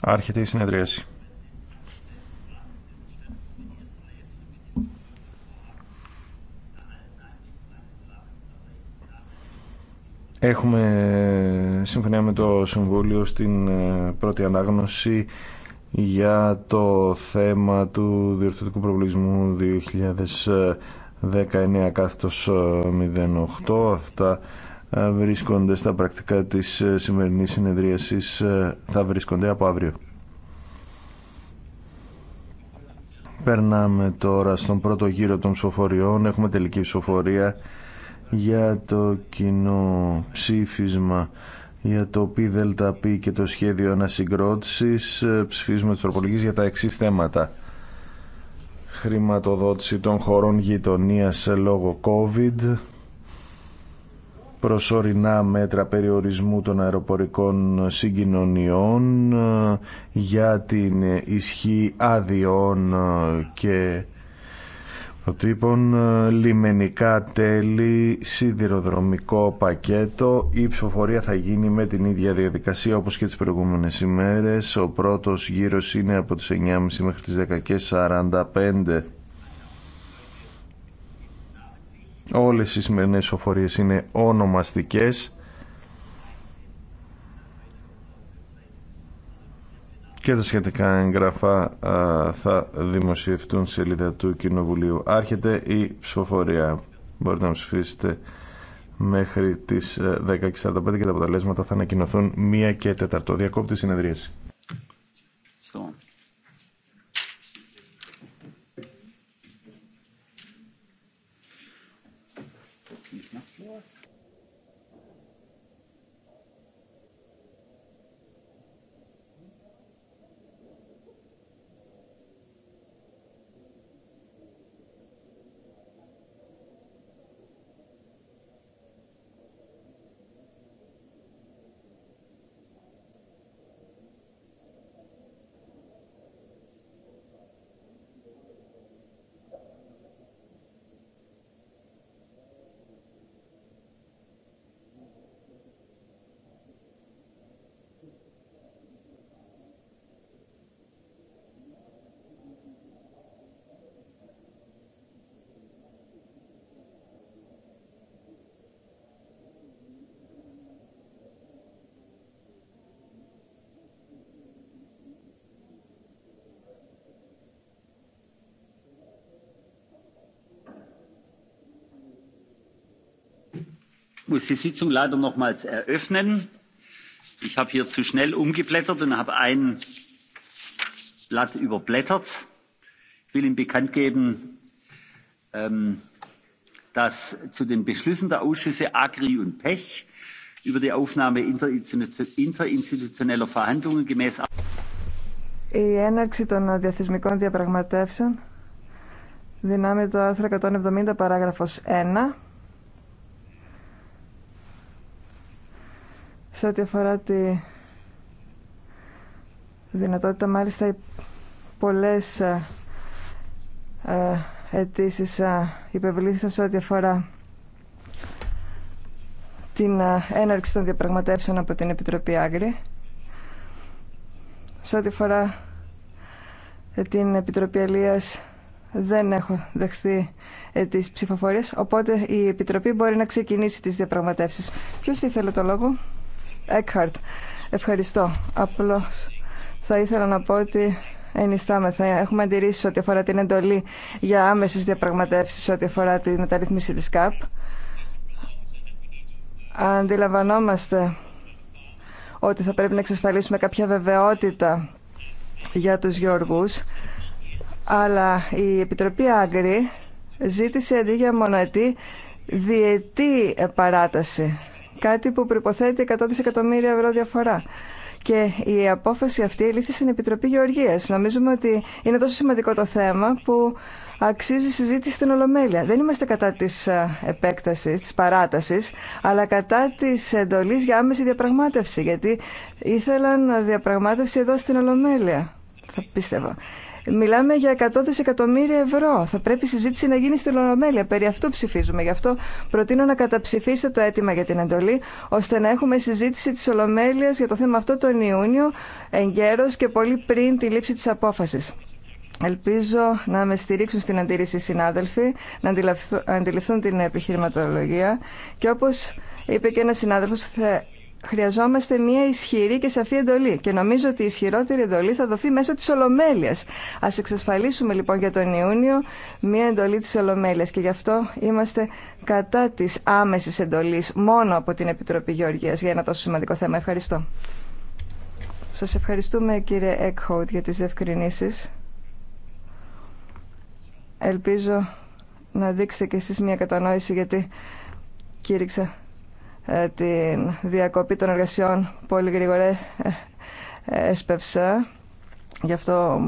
Άρχεται η συνεδρίαση. Έχουμε συμφωνία με το Συμβούλιο στην ε, πρώτη ανάγνωση για το θέμα του διορθωτικού προβλησμού 2019 κάθετος 08. Ε, Αυτά ε, βρίσκονται στα πρακτικά της ε, σημερινής συνεδρίασης ε, θα βρίσκονται από αύριο. Περνάμε τώρα στον πρώτο γύρο των ψηφοφοριών. Έχουμε τελική ψηφοφορία για το κοινό ψήφισμα για το πι και το σχέδιο ανασυγκρότησης ψηφίζουμε τους τροπολογίες για τα εξή θέματα χρηματοδότηση των χωρών γειτονίας λόγω COVID προσωρινά μέτρα περιορισμού των αεροπορικών συγκοινωνιών ε, για την ισχύ άδειών ε, και προτύπων ε, λιμενικά τέλη, σιδηροδρομικό πακέτο. Η ψηφοφορία θα γίνει με την ίδια διαδικασία όπως και τις προηγούμενες ημέρες. Ο πρώτος γύρος είναι από τις 9.30 μέχρι τις 10.45. Όλες οι σημερινές ψηφοφορίες είναι ονομαστικές και τα σχετικά εγγραφά θα δημοσιευτούν σε σελίδα του Κοινοβουλίου. Άρχεται η ψηφοφορία. Μπορείτε να ψηφίσετε μέχρι τις 10.45 ε, και τα αποτελέσματα θα ανακοινωθούν 1 και 4. Διακόπτη συνεδρίαση. muss die sitzung leider nochmals eröffnen. ich habe hier zu schnell umgeblättert und habe ein blatt überblättert. ich will ihnen bekannt geben dass zu den beschlüssen der ausschüsse agri und pech über die aufnahme interinstitutioneller verhandlungen gemäß η έναρξη των διαθεσμικών διαπραγματεύσεων δυνάμει το 170 1 σε ό,τι αφορά τη δυνατότητα μάλιστα πολλές ε, ε, αιτήσει ε, υπευλήθησαν σε ό,τι αφορά την έναρξη των διαπραγματεύσεων από την Επιτροπή Άγκρη σε ό,τι αφορά την Επιτροπή Αλίας δεν έχω δεχθεί τις ψηφοφορίες οπότε η Επιτροπή μπορεί να ξεκινήσει τις διαπραγματεύσεις Ποιος ήθελε το λόγο Έκχαρτ. Ευχαριστώ. Απλώ θα ήθελα να πω ότι ενιστάμεθα. Έχουμε αντιρρήσει ό,τι αφορά την εντολή για άμεσε διαπραγματεύσει ό,τι αφορά τη μεταρρύθμιση τη ΚΑΠ. Αντιλαμβανόμαστε ότι θα πρέπει να εξασφαλίσουμε κάποια βεβαιότητα για τους γεωργούς, αλλά η Επιτροπή Άγκρη ζήτησε αντί για μονοετή διετή παράταση κάτι που προποθέτει 100 δισεκατομμύρια ευρώ διαφορά. Και η απόφαση αυτή ελήφθη στην Επιτροπή Γεωργίας. Νομίζουμε ότι είναι τόσο σημαντικό το θέμα που αξίζει συζήτηση στην Ολομέλεια. Δεν είμαστε κατά της ε, επέκτασης, της παράτασης, αλλά κατά της εντολής για άμεση διαπραγμάτευση, γιατί ήθελαν διαπραγμάτευση εδώ στην Ολομέλεια. Θα πίστευα. Μιλάμε για 100 δισεκατομμύρια ευρώ. Θα πρέπει η συζήτηση να γίνει στην Ολομέλεια. Περί αυτού ψηφίζουμε. Γι' αυτό προτείνω να καταψηφίσετε το αίτημα για την εντολή, ώστε να έχουμε συζήτηση τη Ολομέλεια για το θέμα αυτό τον Ιούνιο, εγκαίρω και πολύ πριν τη λήψη τη απόφαση. Ελπίζω να με στηρίξουν στην αντίρρηση οι συνάδελφοι, να αντιληφθούν την επιχειρηματολογία και όπως είπε και ένας συνάδελφος, χρειαζόμαστε μια ισχυρή και σαφή εντολή. Και νομίζω ότι η ισχυρότερη εντολή θα δοθεί μέσω τη Ολομέλεια. Α εξασφαλίσουμε λοιπόν για τον Ιούνιο μια εντολή τη Ολομέλεια. Και γι' αυτό είμαστε κατά τη άμεση εντολή μόνο από την Επιτροπή Γεωργία για ένα τόσο σημαντικό θέμα. Ευχαριστώ. Σα ευχαριστούμε κύριε Έκχοτ για τι διευκρινήσει. Ελπίζω να δείξετε κι εσείς μια κατανόηση γιατί κήρυξα ε, την διακοπή των εργασιών πολύ γρήγορα ε, ε, έσπευσα. Γι' αυτό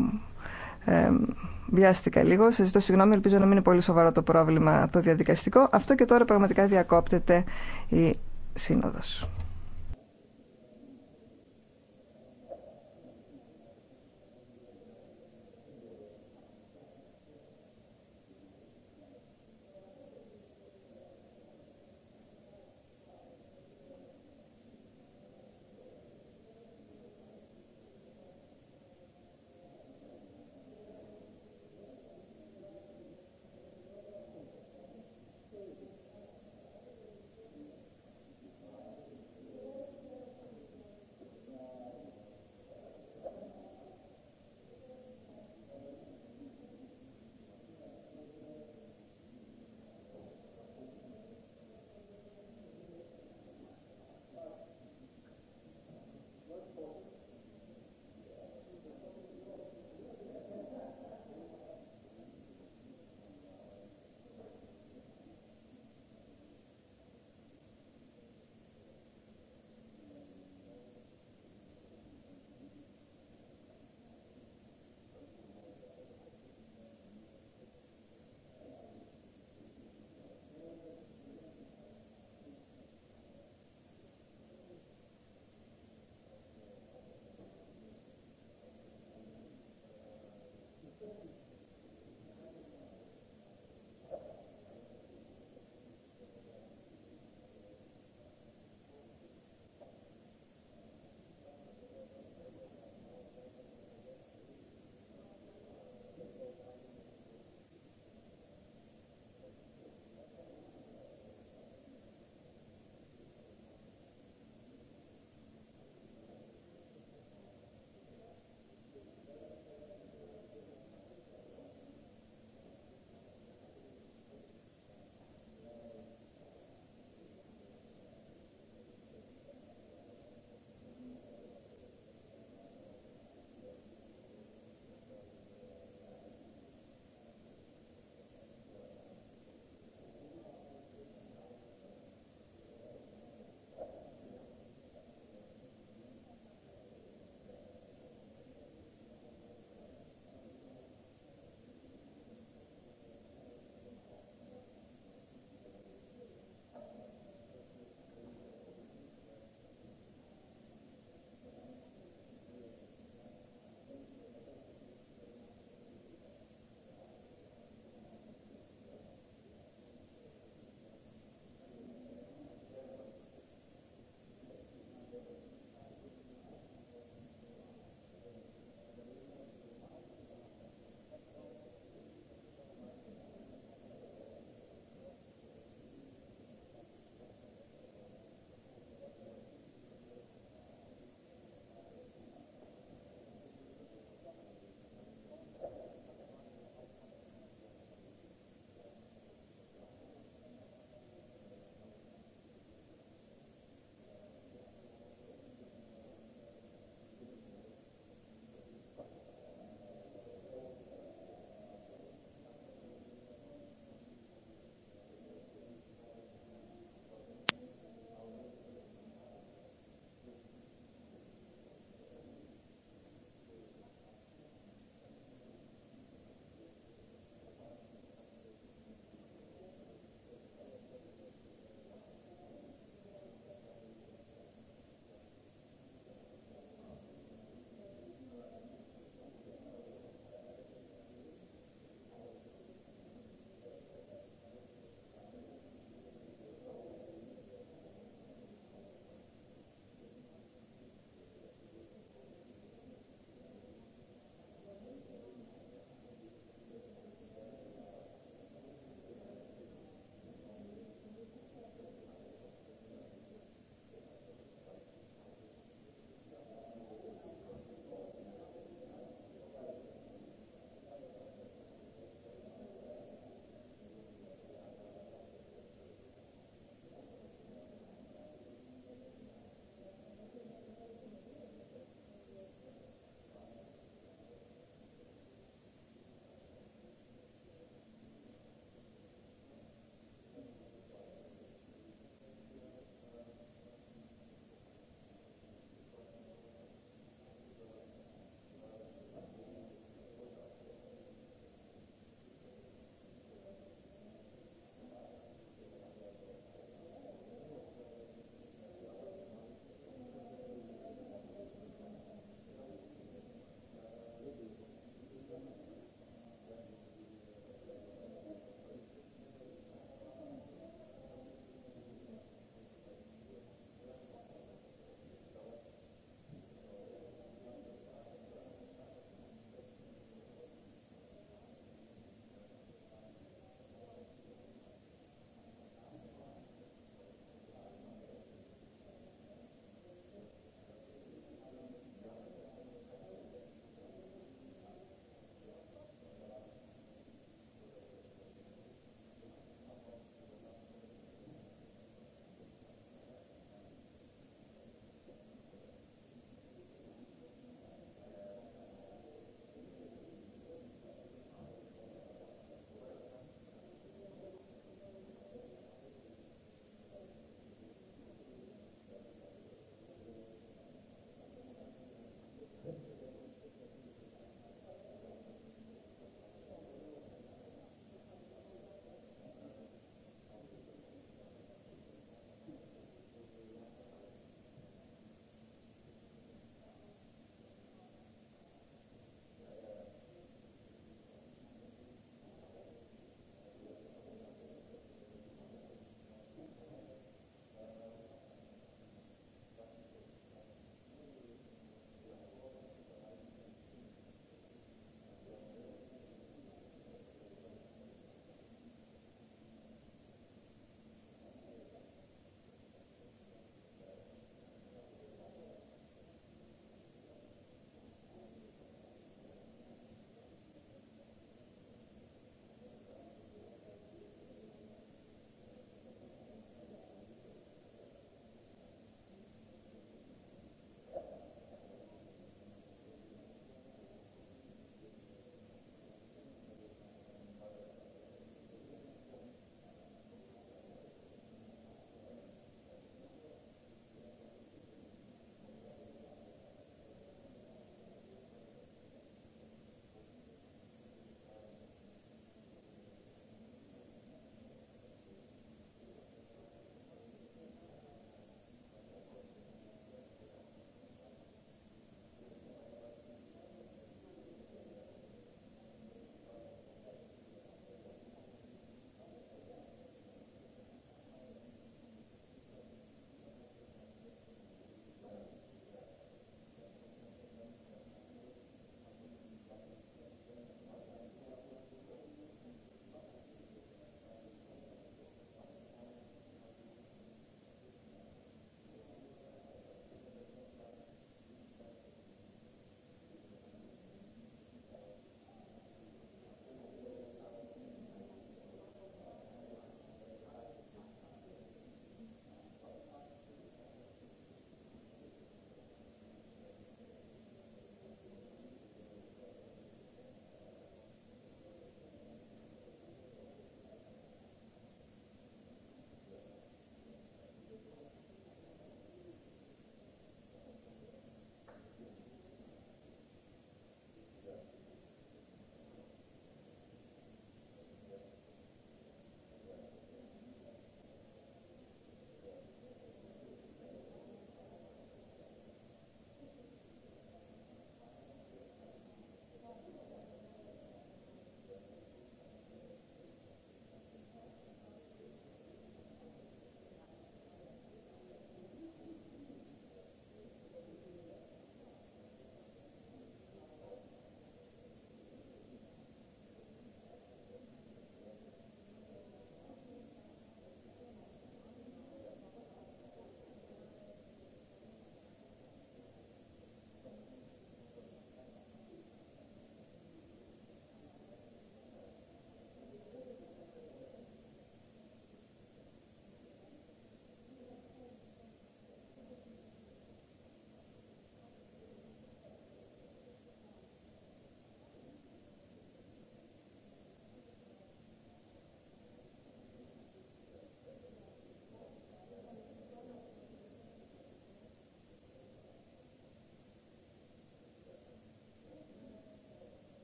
βιάστηκα λίγο. Σας ζητώ συγγνώμη, ελπίζω να μην είναι πολύ σοβαρό το πρόβλημα το διαδικαστικό. Αυτό και τώρα πραγματικά διακόπτεται η σύνοδος.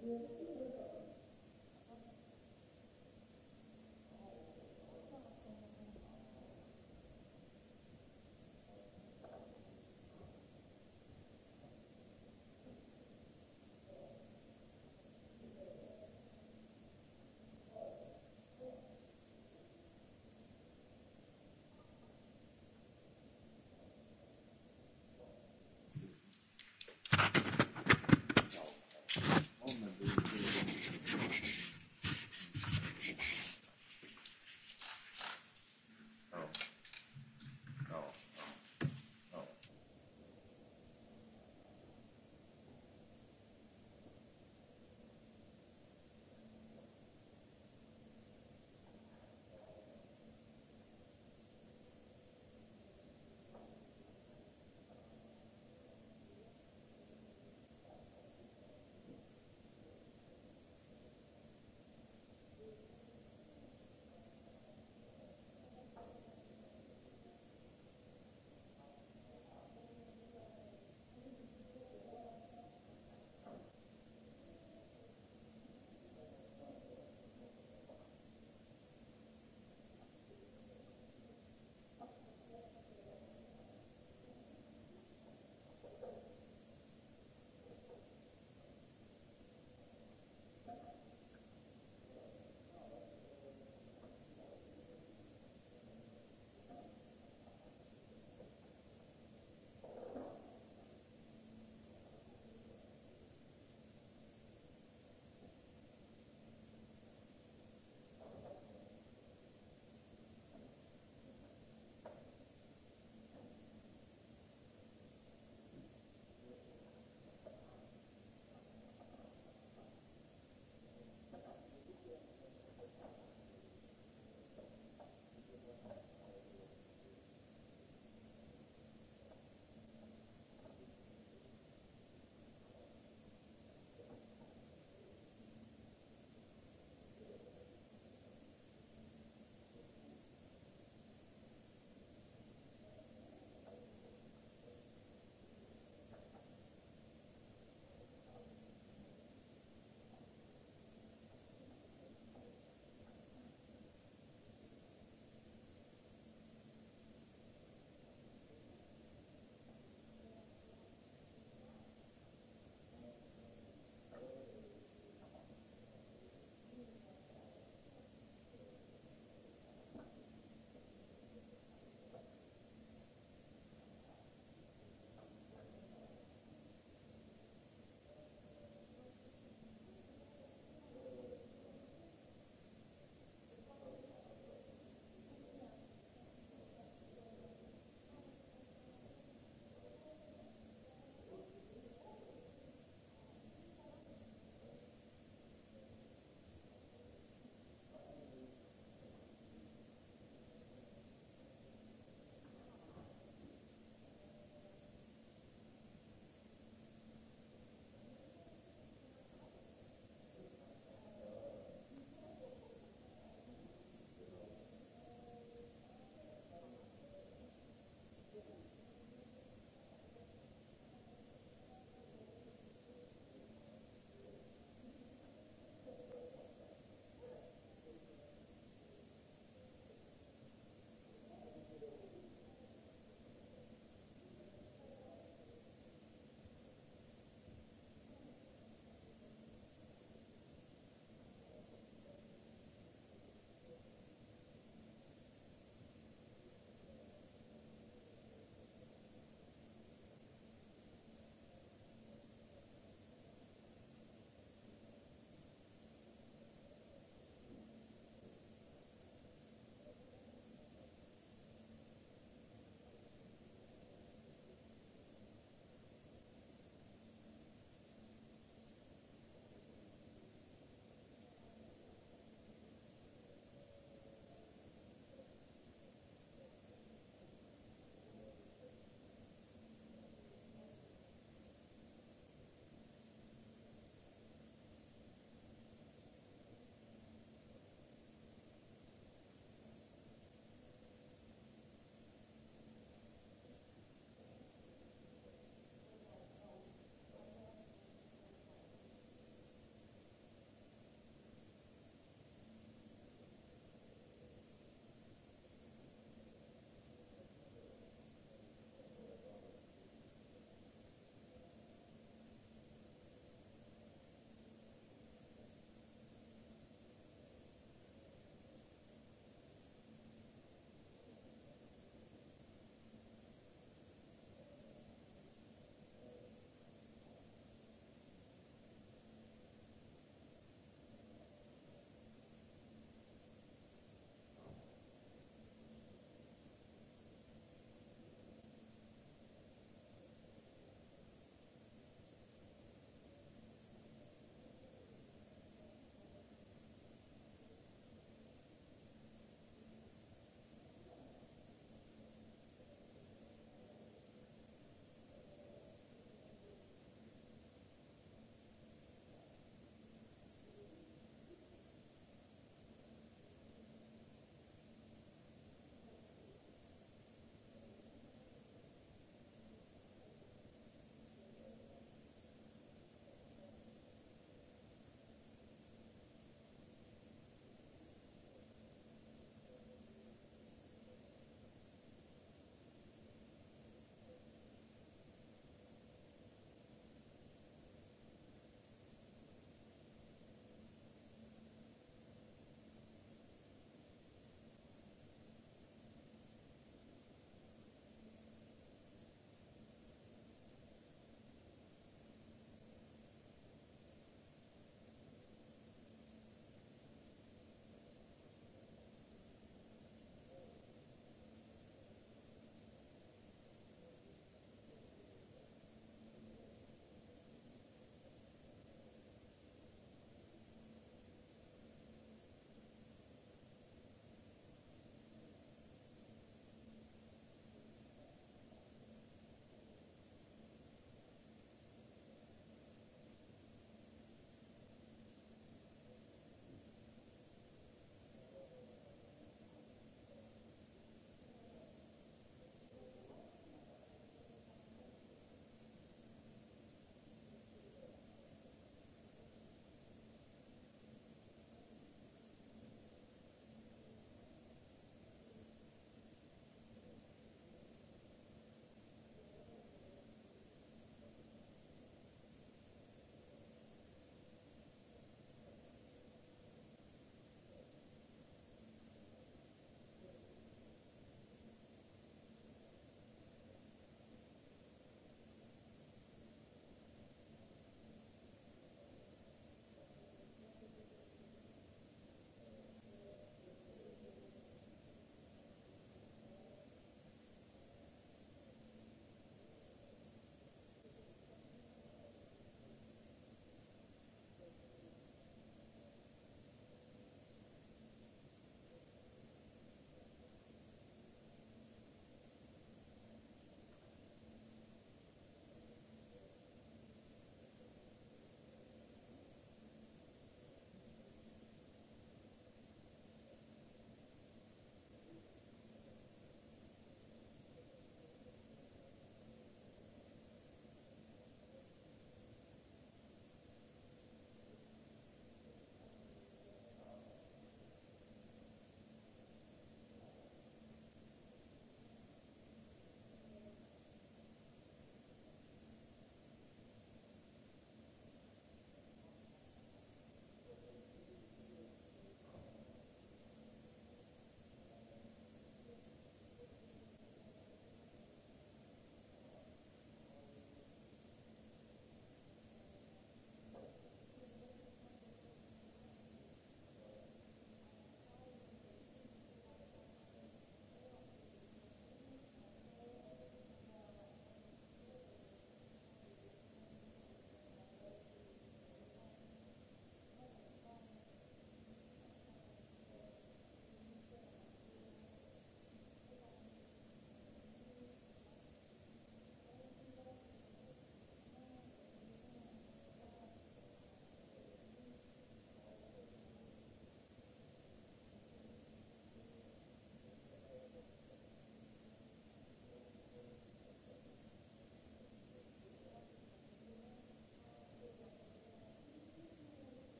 Thank you.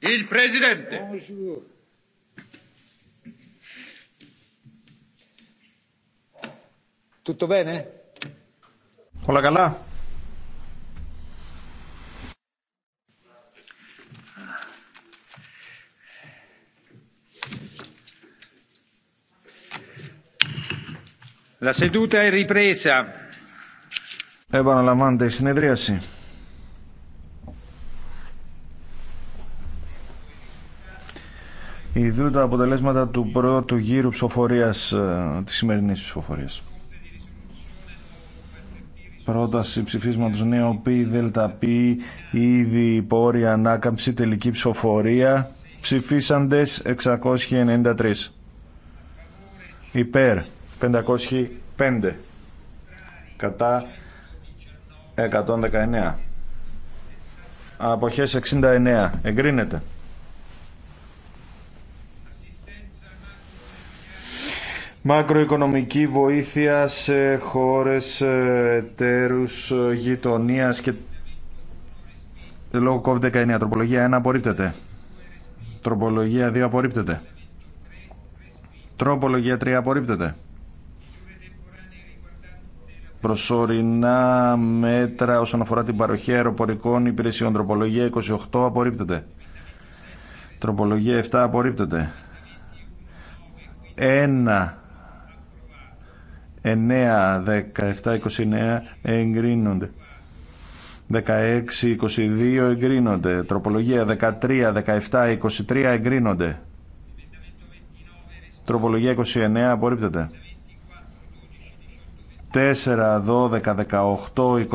Il Presidente. Bonjour. Tutto bene? la galà. La seduta è ripresa. Επαναλαμβάνεται η συνεδρίαση. ιδού τα αποτελέσματα του πρώτου γύρου ψηφοφορίας, ε, της σημερινή ψηφοφορία. Πρόταση ψηφίσματος νέο π, δελτα π, ήδη πόρη ανάκαμψη, τελική ψηφοφορία, ψηφίσαντες 693. Υπέρ 505. Κατά 119. Αποχές 69. Εγκρίνεται. μακροοικονομική βοήθεια σε χώρες ε, εταίρους ε, γειτονία και λόγω COVID-19. Τροπολογία 1 απορρίπτεται. Τροπολογία 2 απορρίπτεται. Τροπολογία 3 απορρίπτεται. Προσωρινά μέτρα όσον αφορά την παροχή αεροπορικών υπηρεσιών. Τροπολογία 28 απορρίπτεται. Τροπολογία 7 απορρίπτεται. ένα 9, 17, 29 εγκρίνονται. 16, 22 εγκρίνονται. Τροπολογία 13, 17, 23 εγκρίνονται. Τροπολογία 29 απορρίπτεται. 4, 12, 18,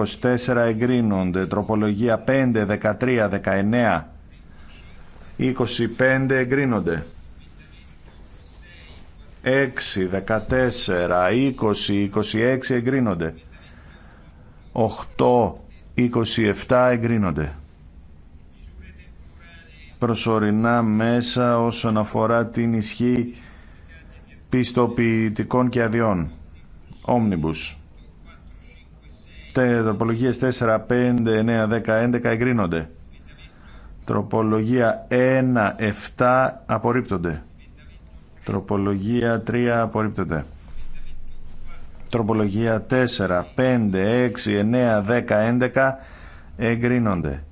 24 εγκρίνονται. Τροπολογία 5, 13, 19, 25 εγκρίνονται. 6, 14, 20, 26 εγκρίνονται. 8, 27 εγκρίνονται. Προσωρινά μέσα όσον αφορά την ισχύ πιστοποιητικών και αδειών. Όμνιμπους. Τροπολογίες 4, 5, 9, 10, 11 εγκρίνονται. Τροπολογία 1, 7 απορρίπτονται. Τροπολογία 3 απορρίπτεται. Τροπολογία 4, 5, 6, 9, 10, 11 εγκρίνονται.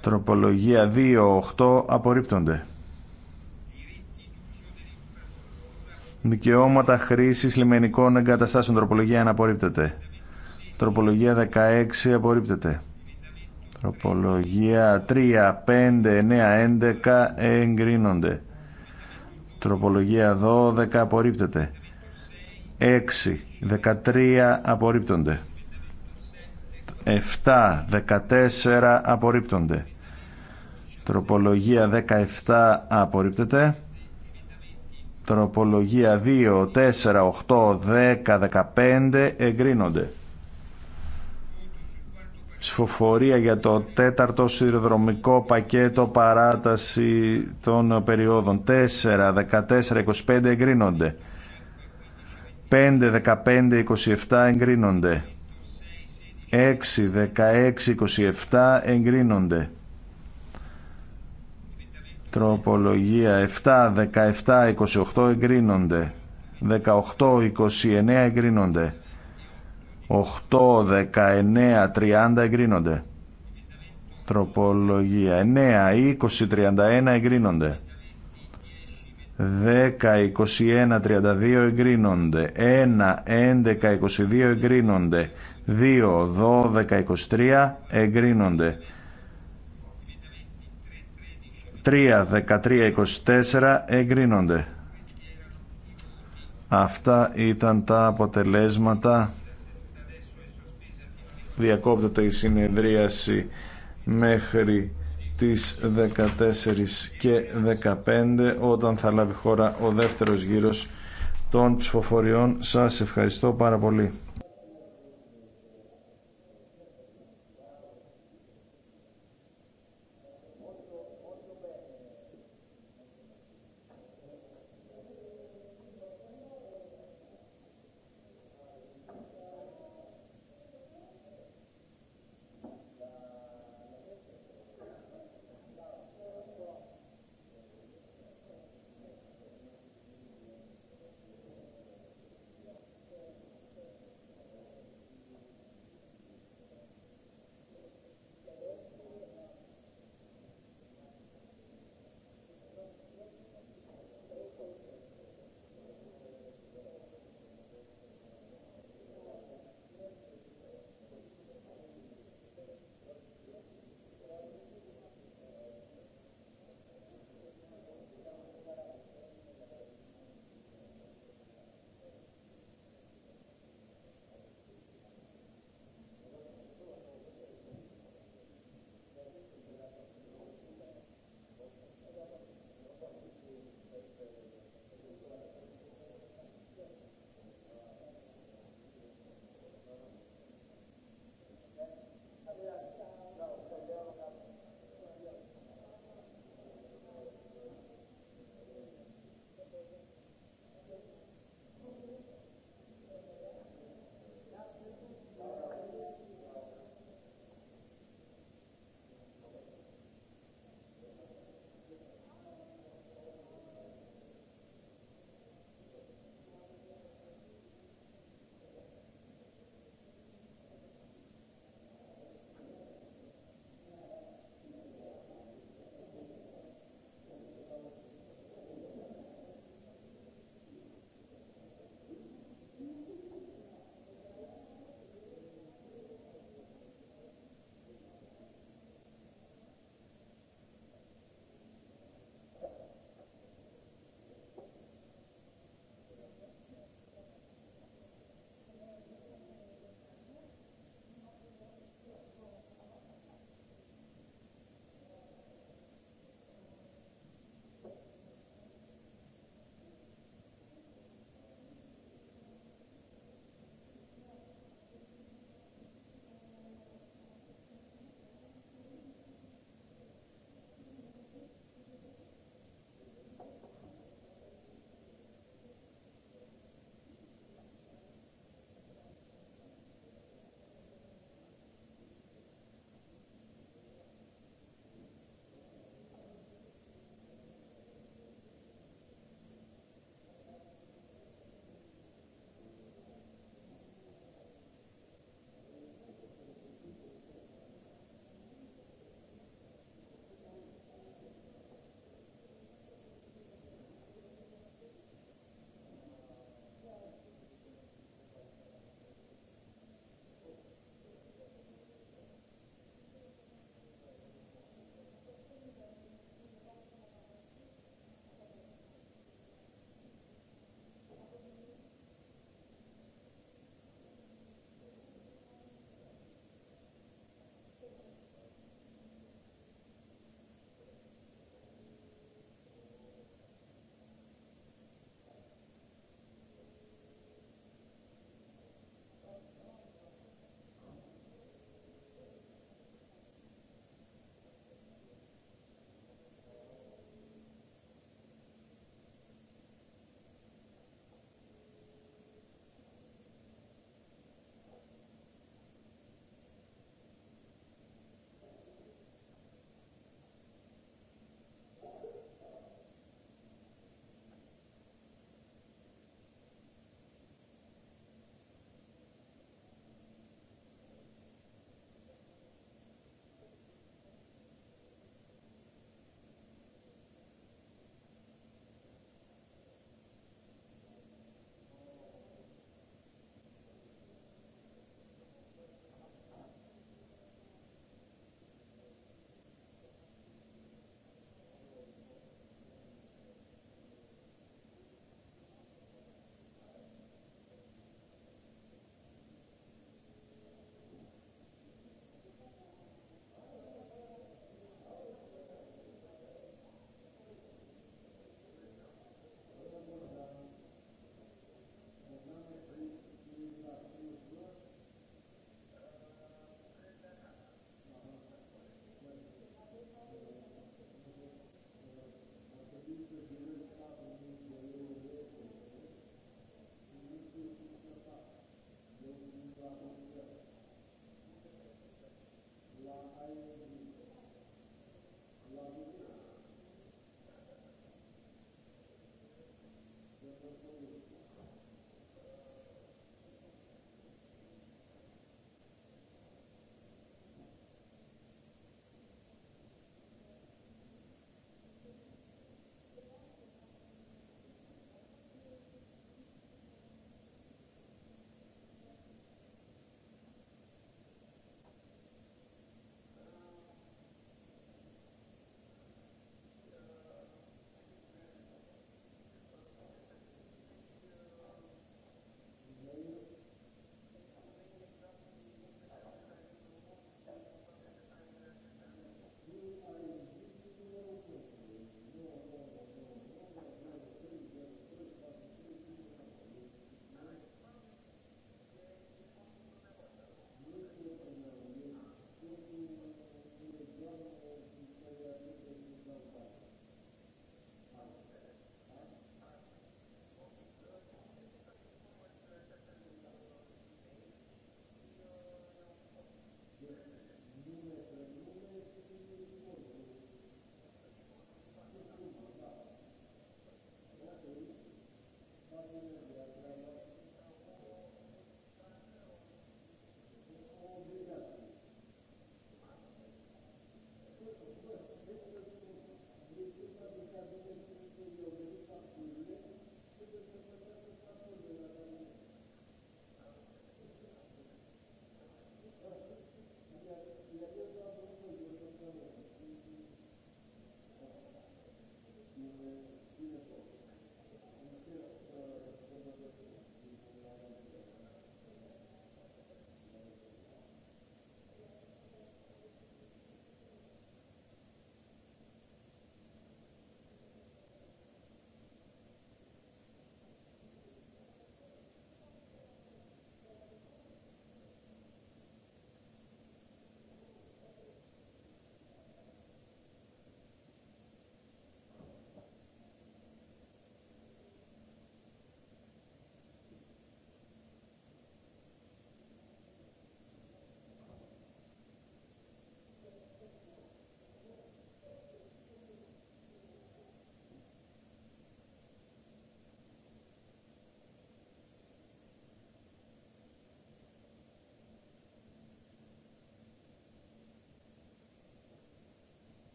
Τροπολογία 2, 8 απορρίπτονται. Δικαιώματα χρήσης λιμενικών εγκαταστάσεων. Τροπολογία 1 απορρίπτεται. Τροπολογία 16 απορρίπτεται. Τροπολογία 3, 5, 9, 11 εγκρίνονται. Τροπολογία 12 απορρίπτεται. 6, 13 απορρίπτονται. 7, 14 απορρίπτονται. Τροπολογία 17 απορρίπτεται. Τροπολογία 2, 4, 8, 10, 15 εγκρίνονται ψηφοφορία για το τέταρτο σιδηροδρομικό πακέτο παράταση των περιόδων 4, 14, 25 εγκρίνονται 5, 15, 27 εγκρίνονται 6, 16, 27 εγκρίνονται Τροπολογία 7, 17, 28 εγκρίνονται 18, 29 εγκρίνονται 8, 19, 30 εγκρίνονται. Τροπολογία 9, 20, 31 εγκρίνονται. 10, 21, 32 εγκρίνονται. 1, 11, 22 εγκρίνονται. 2, 12, 23 εγκρίνονται. 3, 13, 24 εγκρίνονται. Αυτά ήταν τα αποτελέσματα διακόπτεται η συνεδρίαση μέχρι τις 14 και 15 όταν θα λάβει χώρα ο δεύτερος γύρος των ψηφοφοριών. Σας ευχαριστώ πάρα πολύ.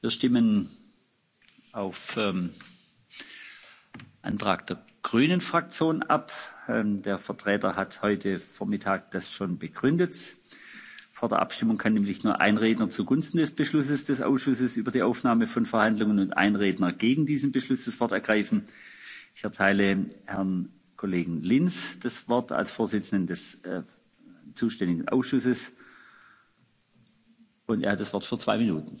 wir stimmen auf antrag der grünen fraktion ab der vertreter hat heute vormittag das schon begründet. vor der abstimmung kann nämlich nur ein redner zugunsten des beschlusses des ausschusses über die aufnahme von verhandlungen und ein redner gegen diesen beschluss das wort ergreifen. ich erteile herrn kollegen Linz das wort als vorsitzenden des zuständigen ausschusses und er hat das wort für zwei minuten.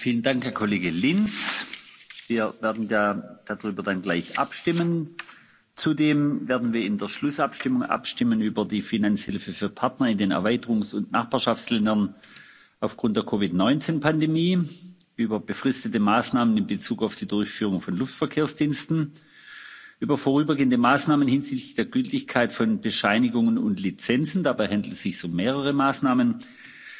Vielen Dank, Herr Kollege Linz. Wir werden darüber dann gleich abstimmen. Zudem werden wir in der Schlussabstimmung abstimmen über die Finanzhilfe für Partner in den Erweiterungs- und Nachbarschaftsländern aufgrund der Covid-19-Pandemie, über befristete Maßnahmen in Bezug auf die Durchführung von Luftverkehrsdiensten, über vorübergehende Maßnahmen hinsichtlich der Gültigkeit von Bescheinigungen und Lizenzen. Dabei handelt es sich um mehrere Maßnahmen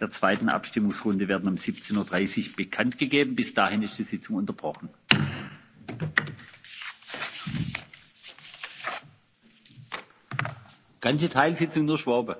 der zweiten abstimmungsrunde werden um. 17:30 Uhr uhr bekanntgegeben. bis dahin ist die sitzung unterbrochen. ganze teilsitzung nur schwabe.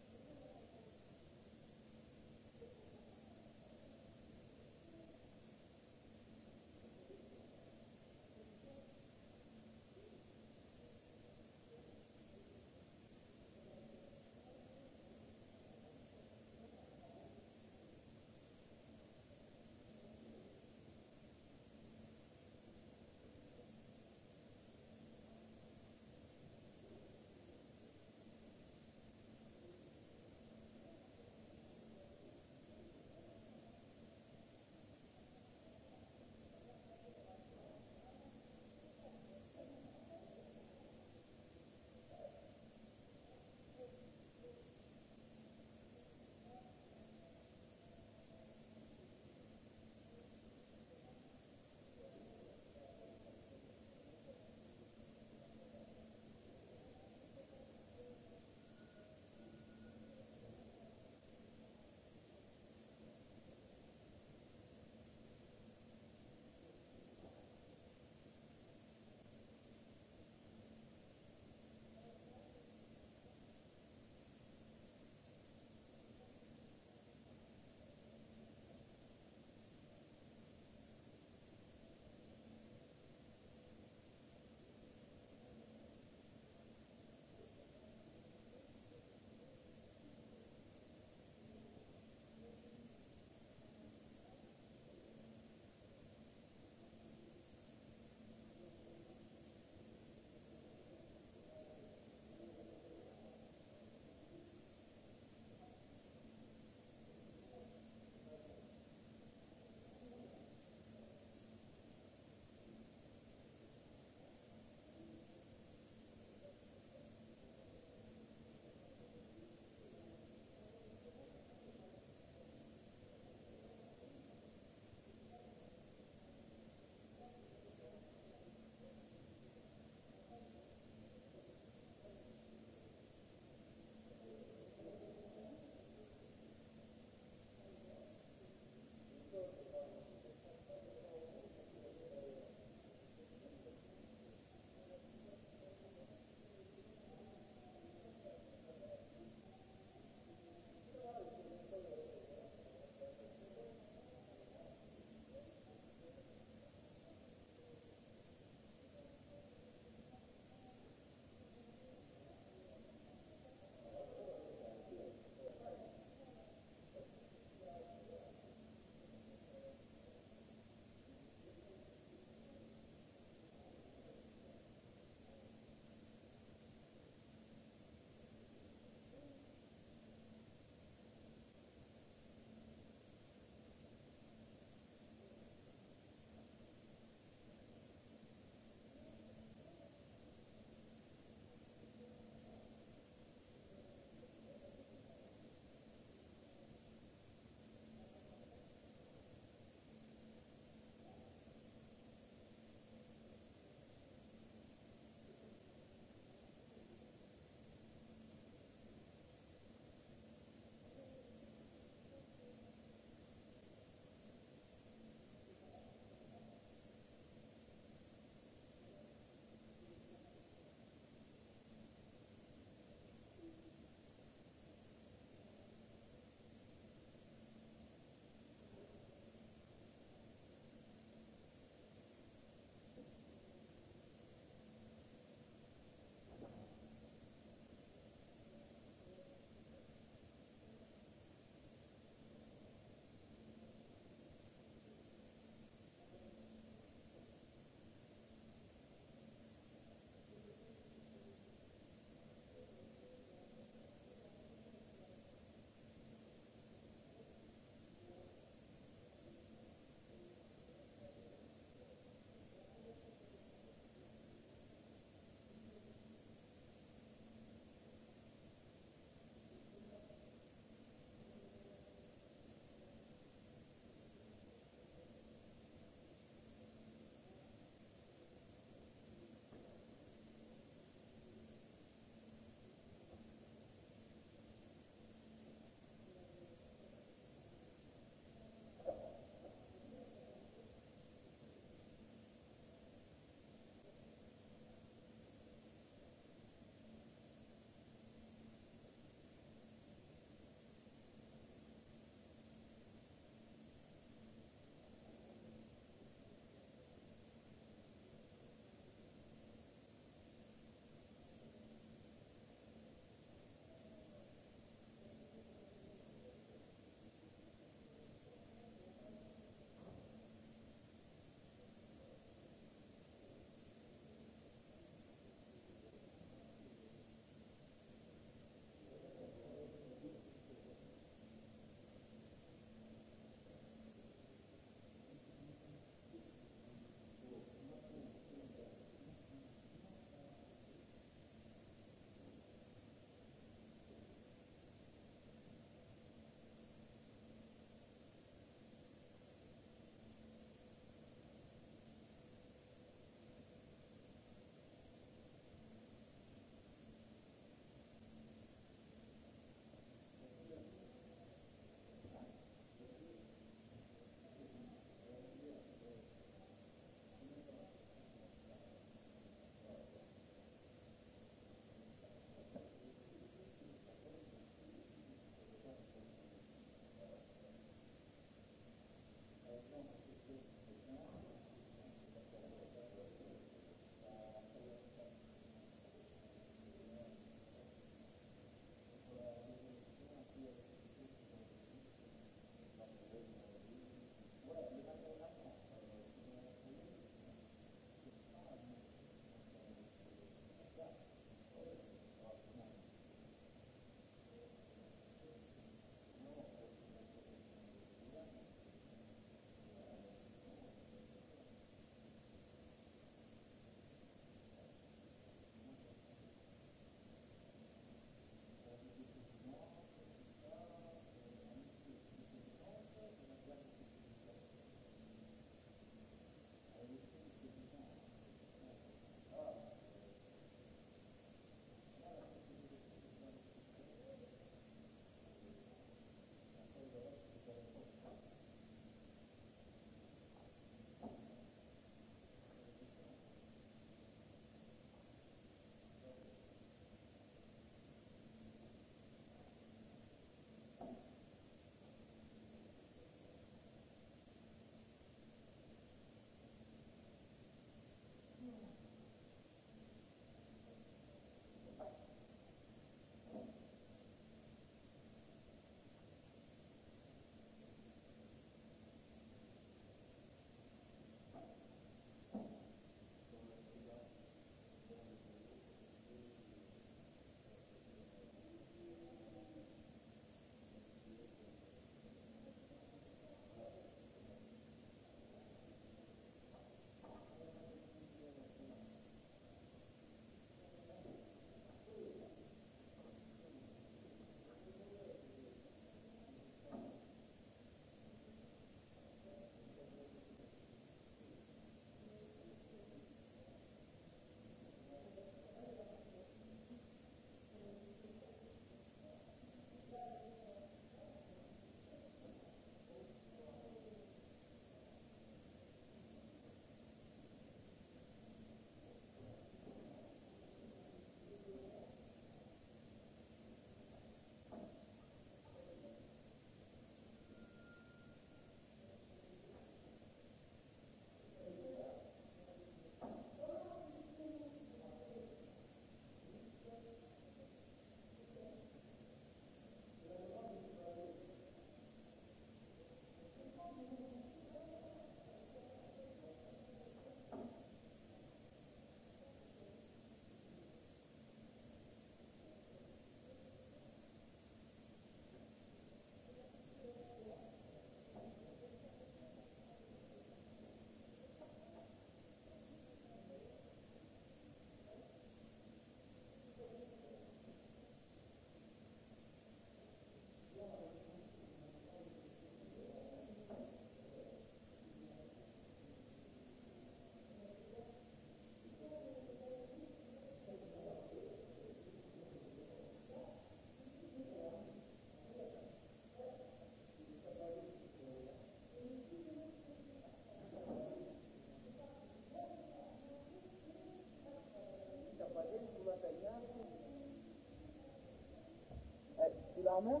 Amen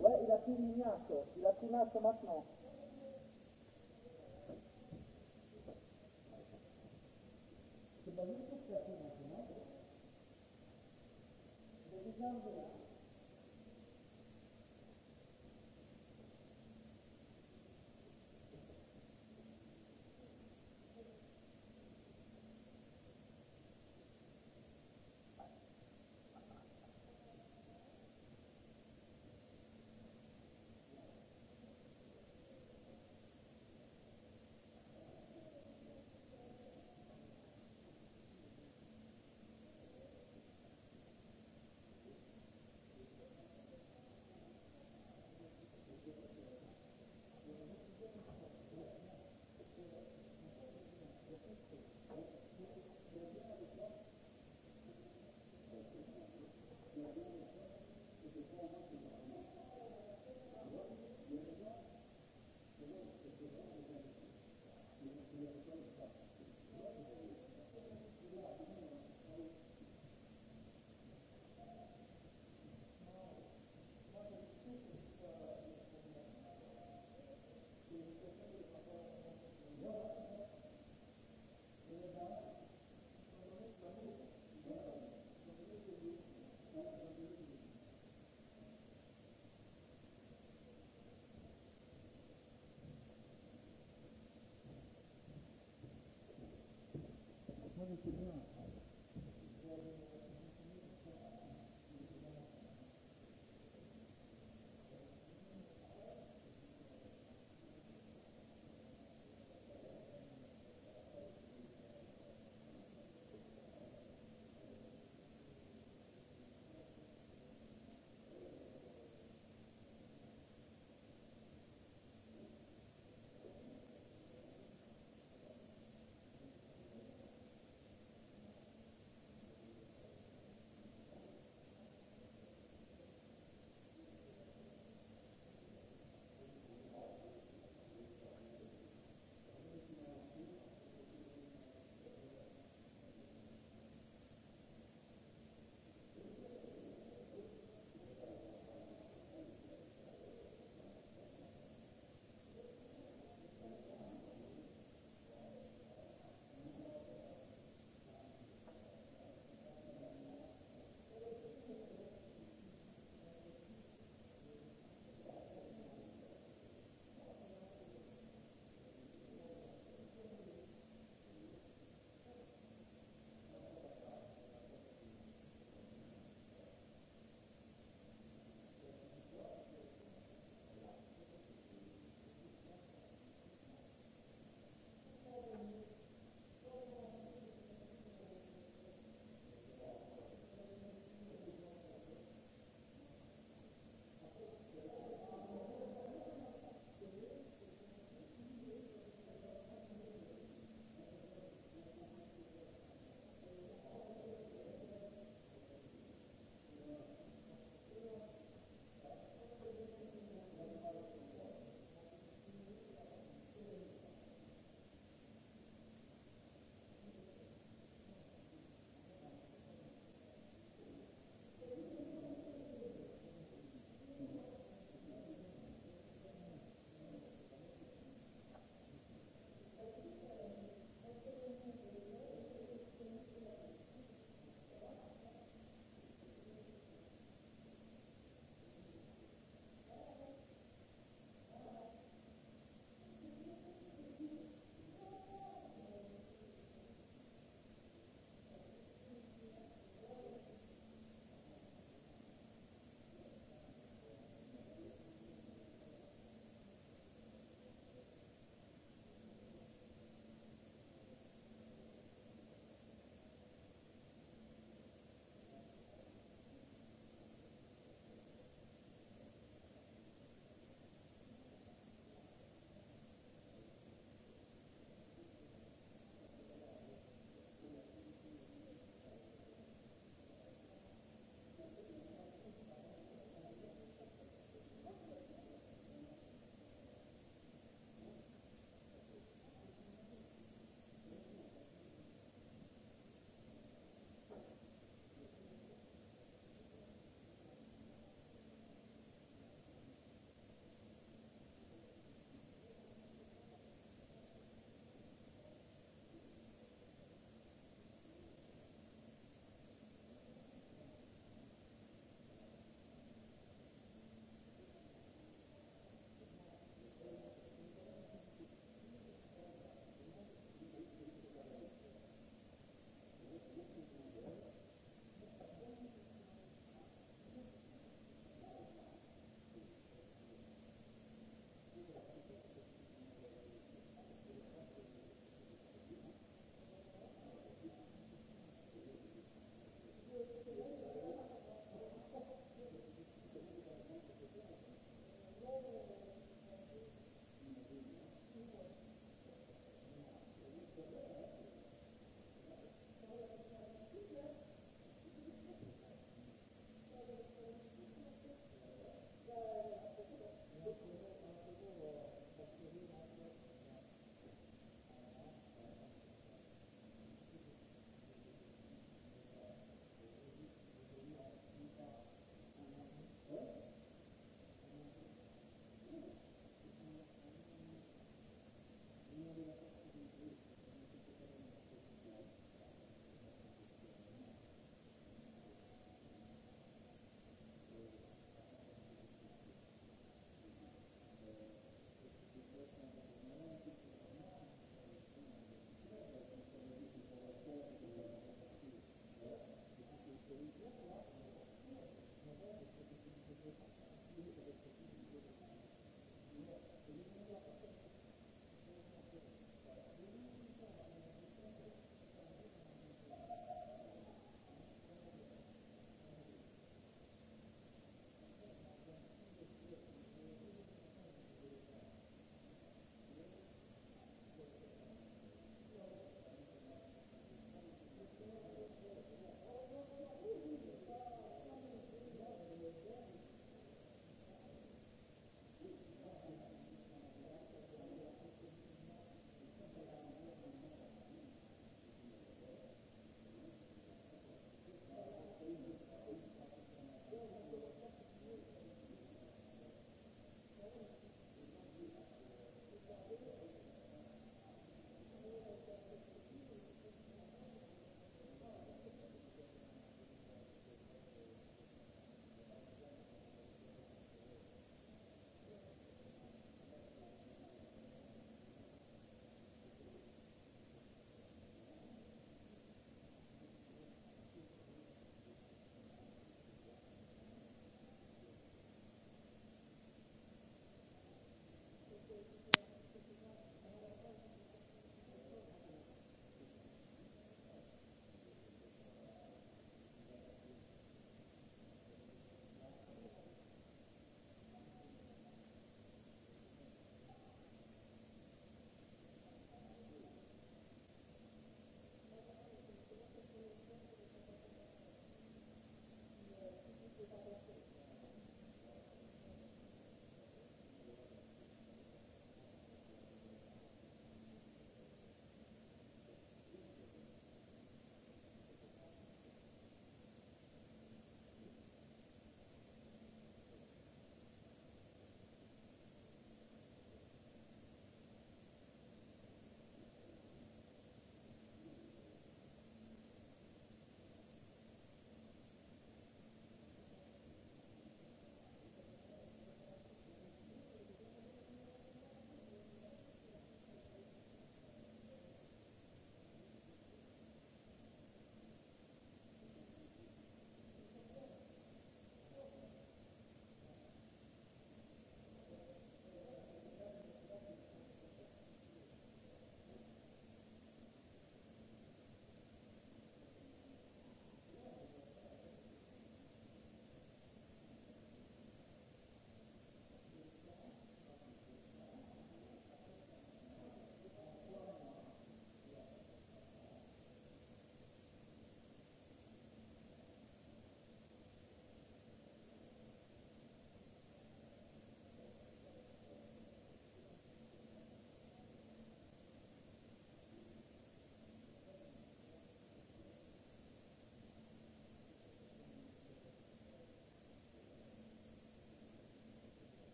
Ouais, il a pris l'ignace, il a pris l'ignace maintenant. C'est pas lui qui maintenant. Υπότιτλοι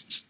exists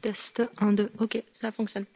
test 1, 2. Ok, ça fonctionne.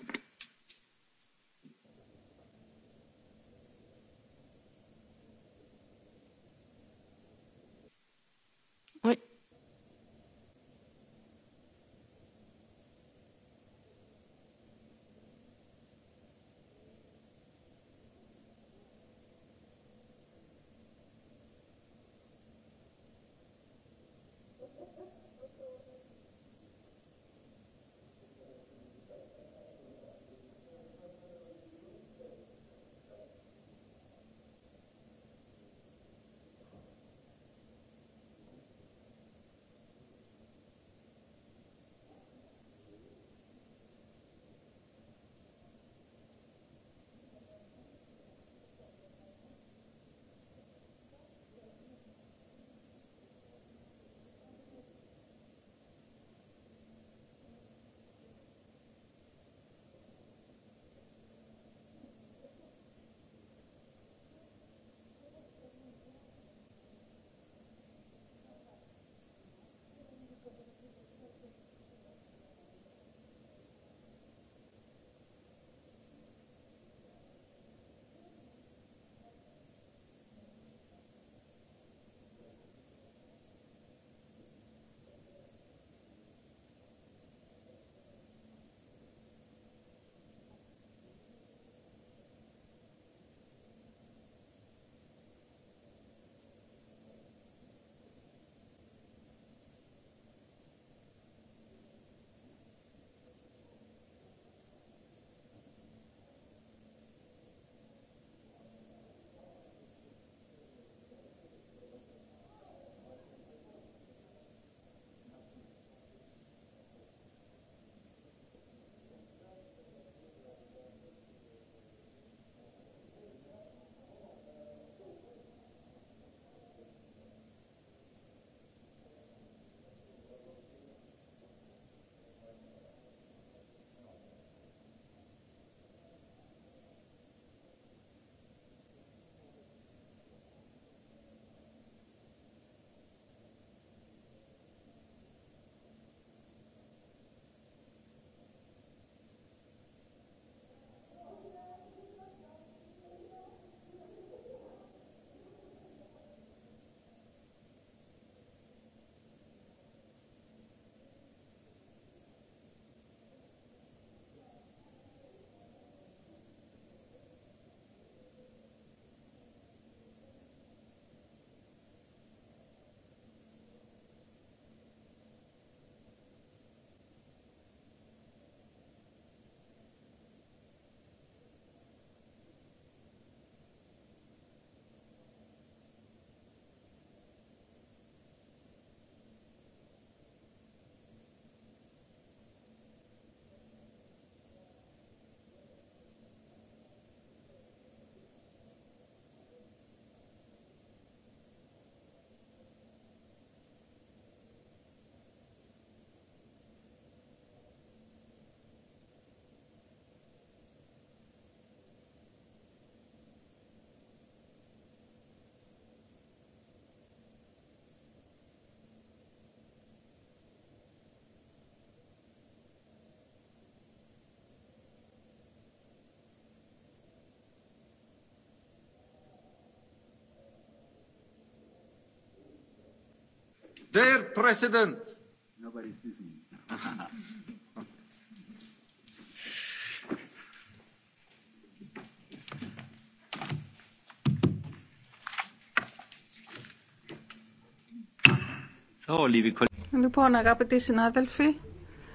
Λοιπόν, αγαπητοί συνάδελφοι,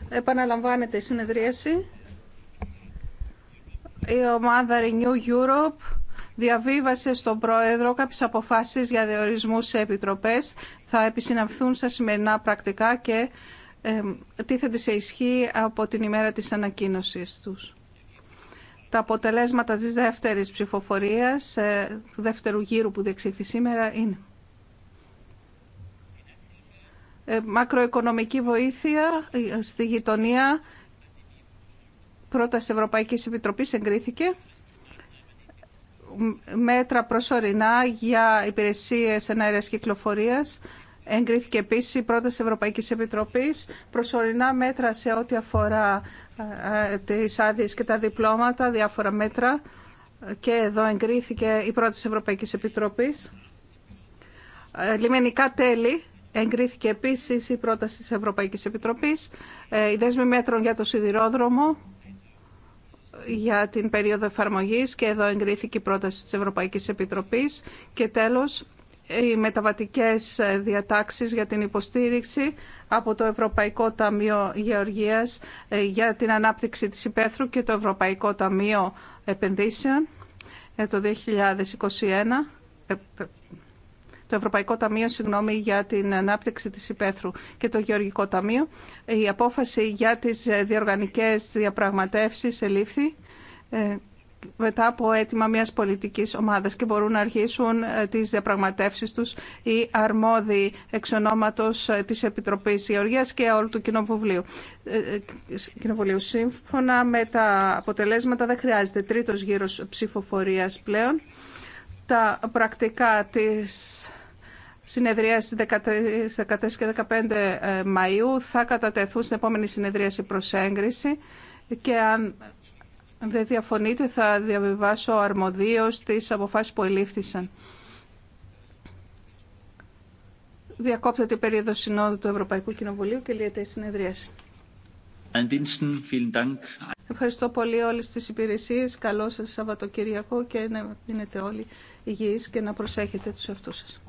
επαναλαμβάνεται η συνεδρίαση. Η ομάδα Renew Europe διαβίβασε στον Πρόεδρο κάποιες αποφάσεις για διορισμούς σε επιτροπές θα επισυναμφθούν στα σημερινά πρακτικά και ε, τίθεται σε ισχύ από την ημέρα της ανακοίνωσης τους. Τα αποτελέσματα της δεύτερης ψηφοφορίας, ε, του δεύτερου γύρου που διεξήχθη σήμερα, είναι ε, μακροοικονομική βοήθεια ε, στη γειτονία πρόταση Ευρωπαϊκής Επιτροπής εγκρίθηκε μέτρα προσωρινά για υπηρεσίες εναέρειας κυκλοφορίας. Εγκρίθηκε επίση η πρόταση ευρωπαϊκή Επιτροπή. Προσωρινά μέτρα σε ό,τι αφορά ε, ε, τις άδειες και τα διπλώματα, διάφορα μέτρα. Και εδώ εγκρίθηκε η πρόταση Ευρωπαϊκής Επιτροπής. Ε, λιμενικά τέλη. Εγκρίθηκε επίση η πρόταση τη Ευρωπαϊκής Επιτροπή, Η δέσμη μέτρων για το σιδηρόδρομο για την περίοδο εφαρμογής και εδώ εγκρίθηκε η πρόταση της Ευρωπαϊκής Επιτροπής και τέλος οι μεταβατικές διατάξεις για την υποστήριξη από το Ευρωπαϊκό Ταμείο Γεωργίας ε, για την ανάπτυξη της υπαίθρου και το Ευρωπαϊκό Ταμείο Επενδύσεων ε, το 2021 το Ευρωπαϊκό Ταμείο συγγνώμη, για την Ανάπτυξη της Υπέθρου και το Γεωργικό Ταμείο. Η απόφαση για τις διοργανικές διαπραγματεύσεις ελήφθη ε, μετά από αίτημα μιας πολιτικής ομάδας και μπορούν να αρχίσουν ε, τις διαπραγματεύσεις τους οι αρμόδιοι εξ ονόματος ε, της Επιτροπής Γεωργίας και όλου του Κοινοβουλίου. Κοινοβουλίου. Σύμφωνα με τα αποτελέσματα δεν χρειάζεται τρίτος γύρος ψηφοφορίας πλέον. Τα πρακτικά της συνεδρίαση 14 και 15 ε, Μαΐου θα κατατεθούν στην επόμενη συνεδρίαση προς έγκριση και αν δεν διαφωνείτε θα διαβιβάσω αρμοδίως τις αποφάσεις που ελήφθησαν. Διακόπτεται η περίοδο συνόδου του Ευρωπαϊκού Κοινοβουλίου και λύεται η συνεδρίαση. Ευχαριστώ πολύ όλες τις υπηρεσίες. Καλό σας Σαββατοκυριακό και να μείνετε όλοι υγιείς και να προσέχετε τους εαυτούς σας.